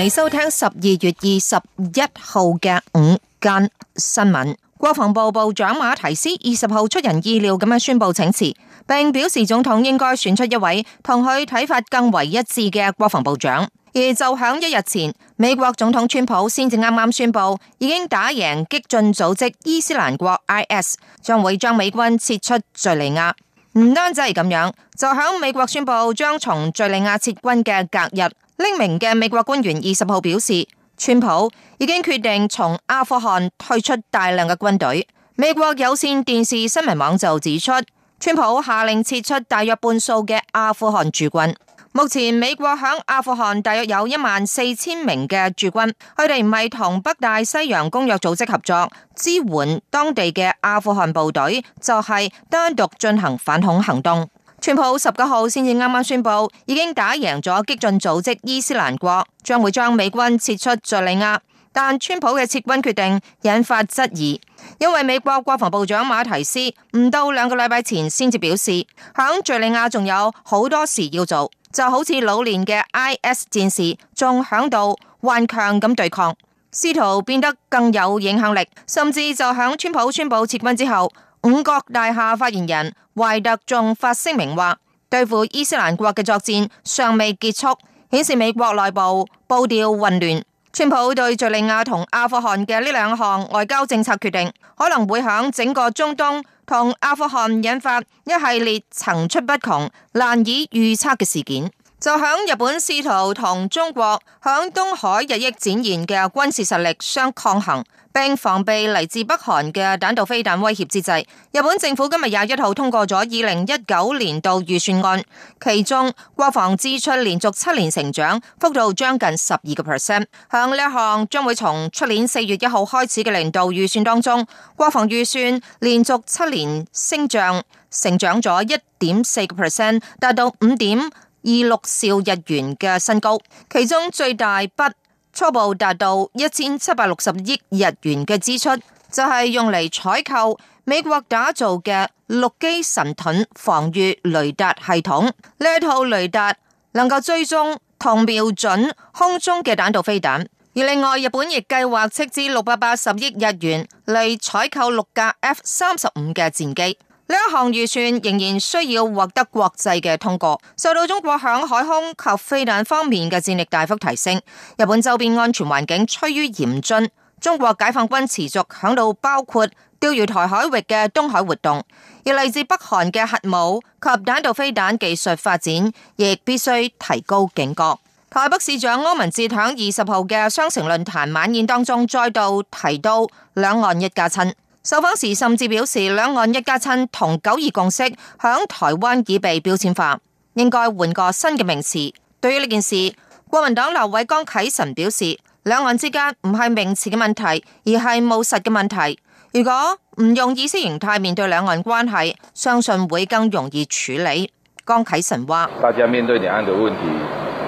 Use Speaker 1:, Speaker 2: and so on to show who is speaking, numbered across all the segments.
Speaker 1: 嚟收聽十二月二十一號嘅午間新聞。國防部部長馬提斯二十號出人意料咁樣宣布請辭，並表示總統應該選出一位同佢睇法更為一致嘅國防部長。而就響一日前，美國總統川普先至啱啱宣布已經打贏激進組織伊斯蘭國 IS，將會將美軍撤出敘利亞。唔單止係咁樣，就響美國宣布將從敘利亞撤軍嘅隔日。匿名嘅美國官員二十號表示，川普已經決定從阿富汗退出大量嘅軍隊。美國有綫電視新聞網就指出，川普下令撤出大約半數嘅阿富汗駐軍。目前美國響阿富汗大約有一萬四千名嘅駐軍，佢哋唔係同北大西洋公約組織合作支援當地嘅阿富汗部隊，就係單獨進行反恐行動。川普十九號先至啱啱宣布，已經打贏咗激進組織伊斯蘭國，將會將美軍撤出敘利亞。但川普嘅撤軍決定引發質疑，因為美國國防部長馬提斯唔到兩個禮拜前先至表示，響敘利亞仲有好多事要做，就好似老年嘅 IS 戰士仲響度頑強咁對抗，試圖變得更有影響力，甚至就響川普宣布撤軍之後。五角大廈發言人懷特仲發聲明話，對付伊斯蘭國嘅作戰尚未結束，顯示美國內部步調混亂。川普對敘利亞同阿富汗嘅呢兩項外交政策決定，可能會響整個中東同阿富汗引發一系列層出不窮、難以預測嘅事件。就響日本試圖同中國響東海日益展現嘅軍事實力相抗衡。並防備嚟自北韓嘅彈道飛彈威脅之際，日本政府今日廿一號通過咗二零一九年度預算案，其中國防支出連續七年成長，幅度將近十二個 percent。向呢一項將會從出年四月一號開始嘅年度預算當中，國防預算連續七年升漲，成長咗一點四個 percent，達到五點二六兆日元嘅新高，其中最大筆。初步達到一千七百六十億日元嘅支出，就係用嚟採購美國打造嘅陸基神盾防禦雷達系統。呢一套雷達能夠追蹤同瞄準空中嘅彈道飛彈。而另外，日本亦計劃斥資六百八十億日元嚟採購六架 F 三十五嘅戰機。呢一項預算仍然需要獲得國際嘅通過，受到中國響海空及飛彈方面嘅戰力大幅提升，日本周邊安全環境趨於嚴峻。中國解放軍持續響到包括釣魚台海域嘅東海活動，而嚟自北韓嘅核武及彈道飛彈技術發展，亦必須提高警覺。台北市長柯文哲響二十號嘅雙城論壇晚宴當中再度提到兩岸一家親。受訪時甚至表示兩岸一家親同九二共識響台灣已被標籤化，應該換個新嘅名詞。對於呢件事，國民黨立委江啟臣表示兩岸之間唔係名詞嘅問題，而係務實嘅問題。如果唔用意識形態面對兩岸關係，相信會更容易處理。江啟臣話：大家面對兩岸嘅問題，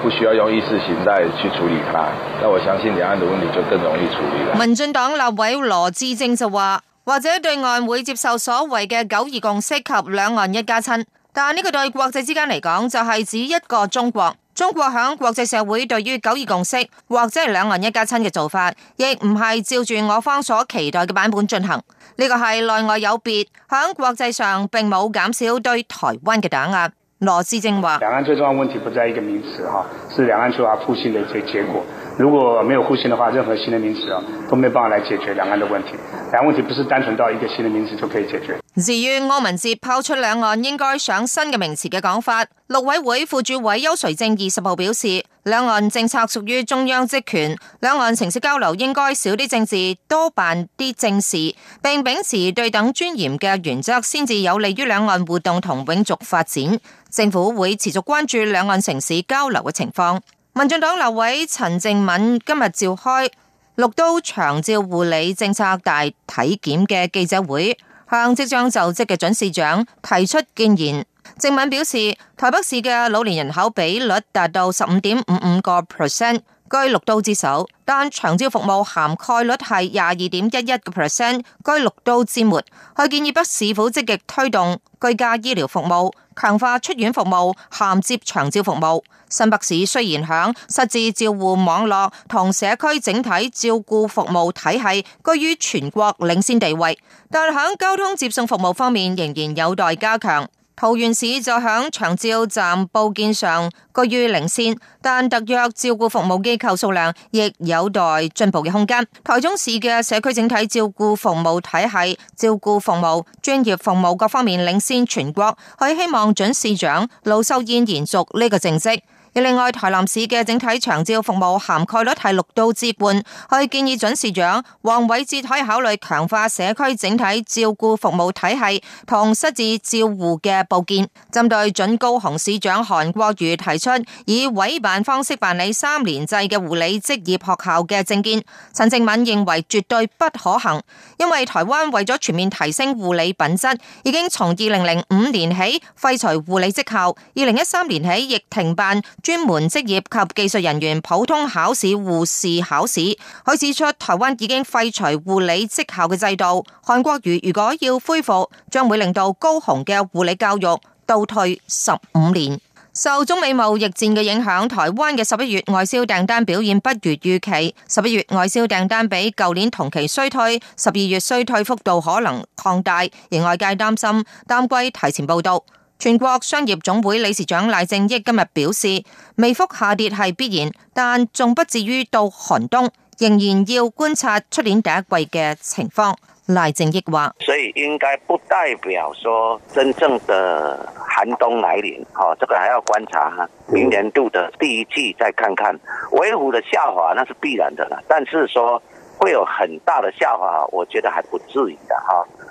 Speaker 1: 不需要用意識形態去處理它，那我相信兩岸的問題就更容易處理。民進黨立委羅志政就話。或者對岸會接受所謂嘅九二共識及兩岸一家親，但呢個對國際之間嚟講就係指一個中國。中國響國際社會對於九二共識或者係兩岸一家親嘅做法，亦唔係照住我方所期待嘅版本進行。呢個係內外有別，響國際上並冇減少對台灣嘅打壓。羅致政話：兩岸最重要問題不在一個名詞，吓，是兩岸如何付諸呢個結果。如果沒有互信的話，任何新的名詞啊，都沒辦法來解決兩岸的問題。兩岸問題不是單純到一個新的名詞就可以解決。至於柯文哲拋出兩岸應該想新嘅名詞嘅講法，陸委會副主委邱垂正二十號表示，兩岸政策屬於中央職權，兩岸城市交流應該少啲政治，多辦啲正事，並秉持對等尊嚴嘅原則，先至有利於兩岸互動同永續發展。政府會持續關注兩岸城市交流嘅情況。民進黨立委陳靜敏今日召開六都長照護理政策大體檢嘅記者會，向即將就職嘅準市長提出建言。靜敏表示，台北市嘅老年人口比率達到十五點五五個 percent。居六都之首，但長照服務涵蓋率係廿二點一一個 percent，居六都之末。佢建議北市府積極推動居家醫療服務，強化出院服務，銜接長照服務。新北市雖然響實質照顧網絡同社區整體照顧服務體系居於全國領先地位，但響交通接送服務方面仍然有待加強。桃園市就響長照站佈建上居於領先，但特約照顧服務機構數量亦有待進步嘅空間。台中市嘅社區整體照顧服務體系、照顧服務、專業服務各方面領先全國，佢希望準市長盧秀燕延續呢個政績。另外，台南市嘅整體長照服務涵蓋率係六都之半，佢建議準市長黃偉哲可以考慮強化社區整體照顧服務體系同失智照護嘅佈建。針對准高雄市長韓國瑜提出以委辦方式辦理三年制嘅護理職業學校嘅政見，陳靜敏認為絕對不可行，因為台灣為咗全面提升護理品質，已經從二零零五年起廢除護理職校，二零一三年起亦停辦。專門職業及技術人員普通考試、護士考試。佢指出，台灣已經廢除護理職校嘅制度，韓國瑜如果要恢復，將會令到高雄嘅護理教育倒退十五年。受中美貿易戰嘅影響，台灣嘅十一月外銷訂單表現不如預期，十一月外銷訂單比舊年同期衰退，十二月衰退幅度可能擴大，而外界擔心淡季提前報到。全國商業總會理事長賴正益今日表示，微幅下跌係必然，但仲不至於到寒冬，仍然要觀察出年第一季嘅情況。賴正益話：所以應該不代表說真正的寒冬來臨，哈、哦，這個還要觀察啊。明年度的第一季再看看，微幅的下滑那是必然的啦，但是說會有很大的下滑，我覺得還不至於的，哈、哦。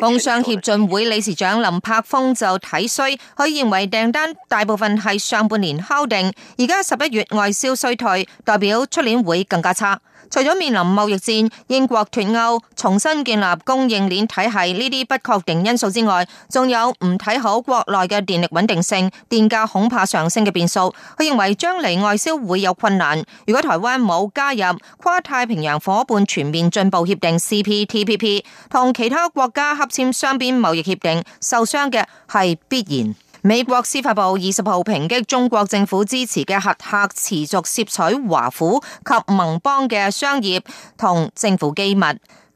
Speaker 1: 工商協進會理事長林柏峰就睇衰，佢認為訂單大部分係上半年敲定，而家十一月外銷衰退，代表出年會更加差。除咗面臨貿易戰、英國脫歐、重新建立供應鏈體系呢啲不確定因素之外，仲有唔睇好國內嘅電力穩定性、電價恐怕上升嘅變數。佢認為將嚟外銷會有困難。如果台灣冇加入跨太平洋夥伴全面進步協定 （CPTPP） 同其他國家合簽雙邊貿易協定，受傷嘅係必然。美國司法部二十號抨擊中國政府支持嘅黑客持續竊取華府及盟邦嘅商業同政府機密。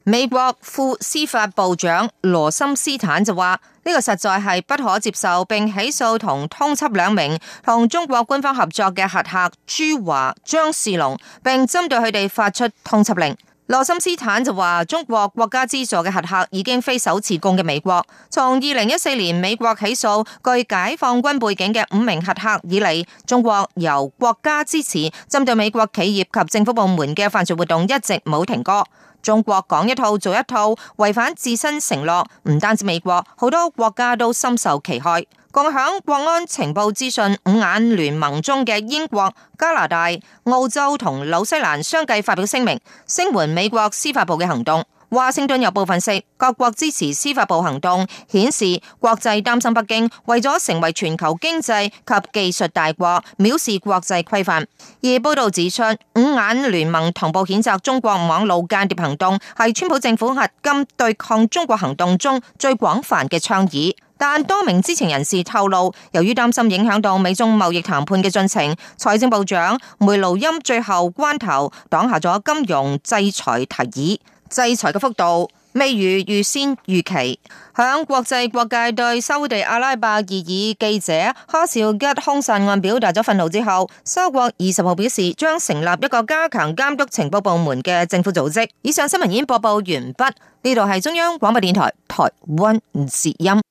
Speaker 1: 美國副司法部長羅森斯坦就話：呢個實在係不可接受，並起訴同通緝兩名同中國軍方合作嘅黑客朱華、張士龍，並針對佢哋發出通緝令。羅森斯坦就話，中國國家資助嘅黑客已經非首次攻擊美國。從二零一四年美國起訴具解放軍背景嘅五名黑客以嚟，中國由國家支持針對美國企業及政府部門嘅犯罪活動一直冇停過。中國講一套做一套，違反自身承諾，唔單止美國，好多國家都深受其害。共享國安情報資訊，五眼聯盟中嘅英國、加拿大、澳洲同紐西蘭相繼發表聲明，聲援美國司法部嘅行動。華盛頓郵報分析，各國支持司法部行動，顯示國際擔心北京為咗成為全球經濟及技術大國藐視國際規範。而報道指出，五眼聯盟同步譴責中國網路間諜行動，係川普政府迄今對抗中國行動中最廣泛嘅倡議。但多名知情人士透露，由於擔心影響到美中貿易談判嘅進程，財政部長梅魯欽最後關頭擋下咗金融制裁提議。制裁嘅幅度未如預先預期。響國際各界對沙地阿拉伯裔記者哈紹吉凶殺案表達咗憤怒之後，沙國二十號表示將成立一個加強監督情報部門嘅政府組織。以上新聞已經播報完畢，呢度係中央廣播電台台灣之音。